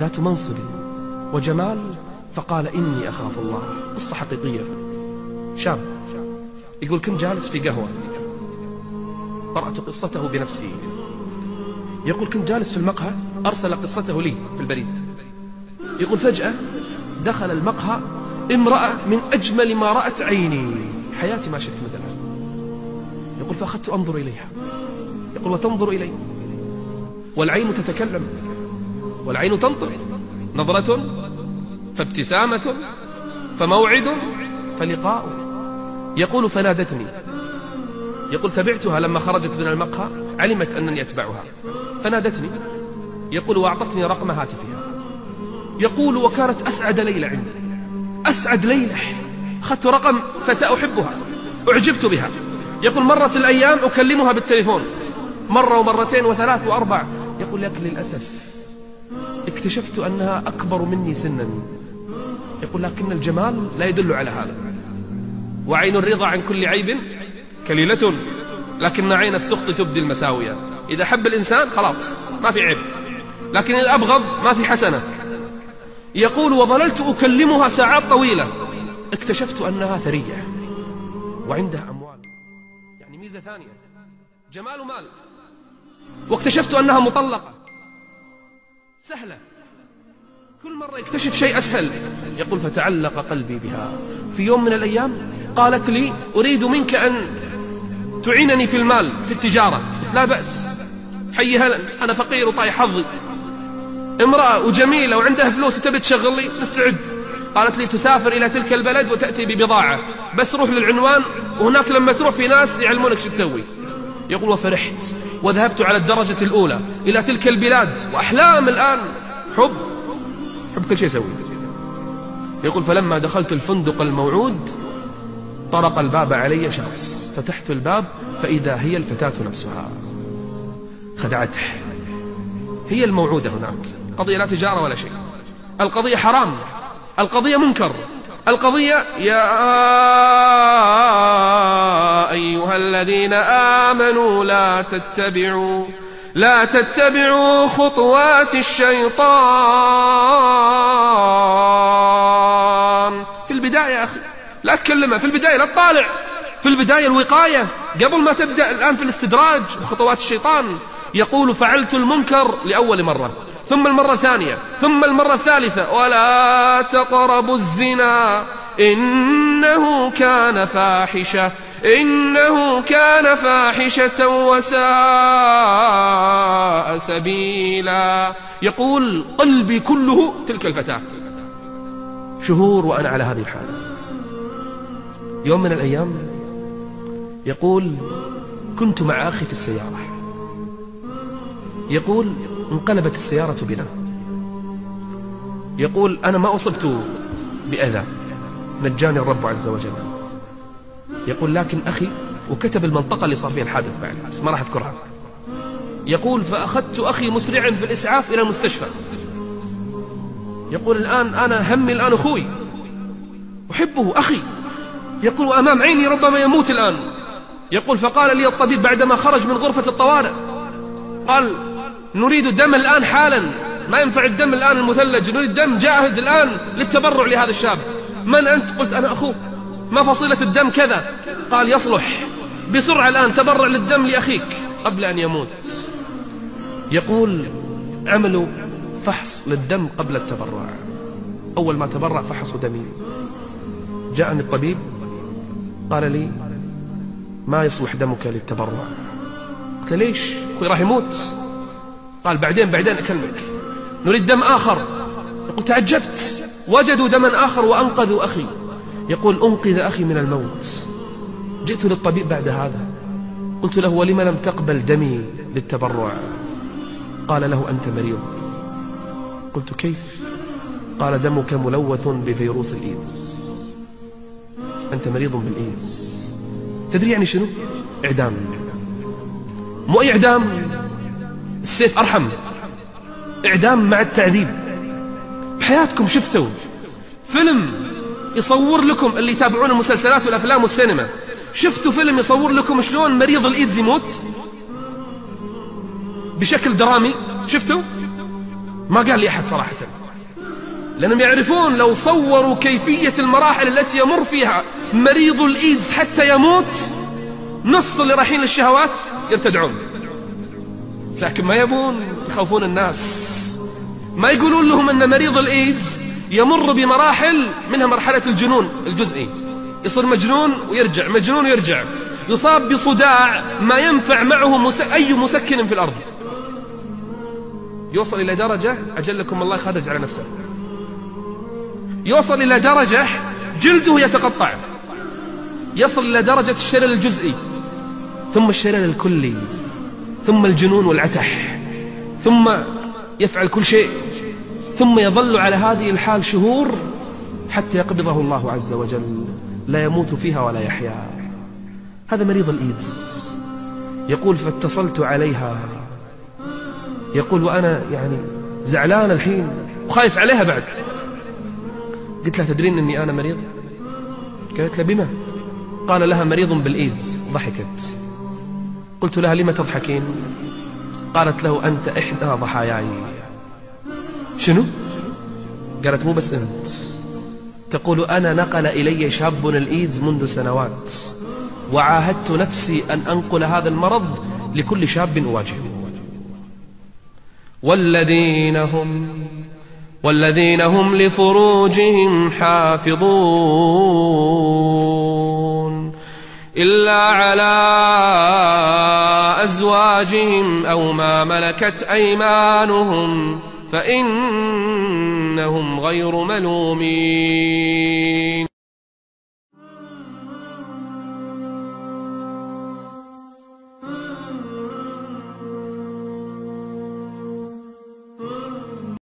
ذات منصب وجمال فقال إني أخاف الله قصة حقيقية شاب يقول كنت جالس في قهوة قرأت قصته بنفسي يقول كنت جالس في المقهى أرسل قصته لي في البريد يقول فجأة دخل المقهى امرأة من أجمل ما رأت عيني حياتي ما شفت مثلها يقول فأخذت أنظر إليها يقول وتنظر إلي والعين تتكلم والعين تنطق نظرة فابتسامة فموعد فلقاء يقول فنادتني يقول تبعتها لما خرجت من المقهى علمت أنني أتبعها فنادتني يقول وأعطتني رقم هاتفها يقول وكانت أسعد ليلة عندي أسعد ليلة أخذت رقم فتاة أحبها أعجبت بها يقول مرت الأيام أكلمها بالتليفون مرة ومرتين وثلاث وأربع يقول لك للأسف اكتشفت أنها أكبر مني سنا يقول لكن الجمال لا يدل على هذا وعين الرضا عن كل عيب كليلة لكن عين السخط تبدي المساوية إذا حب الإنسان خلاص ما في عيب لكن إذا أبغض ما في حسنة يقول وظللت أكلمها ساعات طويلة اكتشفت أنها ثرية وعندها أموال يعني ميزة ثانية جمال مال واكتشفت أنها مطلقة سهلة كل مرة يكتشف شيء أسهل يقول فتعلق قلبي بها في يوم من الأيام قالت لي أريد منك أن تعينني في المال في التجارة لا بأس حي هلا أنا فقير وطايح حظي امرأة وجميلة وعندها فلوس وتبي تشغل لي مستعد قالت لي تسافر إلى تلك البلد وتأتي ببضاعة بس روح للعنوان وهناك لما تروح في ناس يعلمونك شو تسوي يقول وفرحت وذهبت على الدرجة الأولى إلى تلك البلاد وأحلام الآن حب حب كل شيء يسوي يقول فلما دخلت الفندق الموعود طرق الباب علي شخص فتحت الباب فإذا هي الفتاة نفسها خدعته هي الموعودة هناك قضية لا تجارة ولا شيء القضية حرام القضية منكر القضية يا أيها الذين آمنوا لا تتبعوا لا تتبعوا خطوات الشيطان في البداية يا أخي لا تكلمه في البداية لا تطالع في البداية الوقاية قبل ما تبدأ الآن في الاستدراج خطوات الشيطان يقول فعلت المنكر لأول مرة ثم المرة الثانية ثم المرة الثالثة ولا تقربوا الزنا إنه كان فاحشة إنه كان فاحشة وساء سبيلا يقول قلبي كله تلك الفتاة شهور وأنا على هذه الحالة يوم من الأيام يقول كنت مع أخي في السيارة يقول انقلبت السيارة بنا يقول أنا ما أصبت بأذى نجاني الرب عز وجل يقول لكن أخي وكتب المنطقة اللي صار فيها الحادث بعد بس ما راح أذكرها يقول فأخذت أخي مسرعا في الإسعاف إلى المستشفى يقول الآن أنا همي الآن أخوي أحبه أخي يقول وأمام عيني ربما يموت الآن يقول فقال لي الطبيب بعدما خرج من غرفة الطوارئ قال نريد دم الآن حالا ما ينفع الدم الآن المثلج نريد دم جاهز الآن للتبرع لهذا الشاب من أنت قلت أنا أخوك ما فصيلة الدم كذا قال يصلح بسرعة الآن تبرع للدم لأخيك قبل أن يموت يقول عملوا فحص للدم قبل التبرع أول ما تبرع فحصوا دمي جاءني الطبيب قال لي ما يصلح دمك للتبرع قلت له ليش أخوي راح يموت قال بعدين بعدين أكلمك نريد دم آخر يقول تعجبت وجدوا دما آخر وأنقذوا أخي يقول أنقذ أخي من الموت جئت للطبيب بعد هذا قلت له ولم لم تقبل دمي للتبرع قال له أنت مريض قلت كيف قال دمك ملوث بفيروس الإيدز أنت مريض بالإيدز تدري يعني شنو إعدام مو إعدام السيف أرحم إعدام مع التعذيب بحياتكم شفتوا فيلم يصور لكم اللي يتابعون المسلسلات والأفلام والسينما شفتوا فيلم يصور لكم شلون مريض الإيدز يموت بشكل درامي شفتوا ما قال لي أحد صراحة لأنهم يعرفون لو صوروا كيفية المراحل التي يمر فيها مريض الإيدز حتى يموت نص اللي رايحين للشهوات يرتدعون لكن ما يبون يخوفون الناس ما يقولون لهم أن مريض الإيدز يمر بمراحل منها مرحلة الجنون الجزئي يصير مجنون ويرجع مجنون ويرجع يصاب بصداع ما ينفع معه مس... أي مسكن في الأرض يوصل إلى درجة أجلكم الله خرج على نفسه يوصل إلى درجة جلده يتقطع يصل إلى درجة الشلل الجزئي ثم الشلل الكلي ثم الجنون والعتح ثم يفعل كل شيء ثم يظل على هذه الحال شهور حتى يقبضه الله عز وجل لا يموت فيها ولا يحيا هذا مريض الإيدز يقول فاتصلت عليها يقول وأنا يعني زعلان الحين وخايف عليها بعد قلت لها تدرين أني أنا مريض قالت له بما قال لها مريض بالإيدز ضحكت قلت لها لما تضحكين قالت له أنت إحدى ضحاياي شنو؟ قالت مو بس أنت تقول أنا نقل إلي شاب الإيدز منذ سنوات وعاهدت نفسي أن أنقل هذا المرض لكل شاب أواجهه والذين هم والذين هم لفروجهم حافظون إلا على وأزواجهم أو ما ملكت أيمانهم فإنهم غير ملومين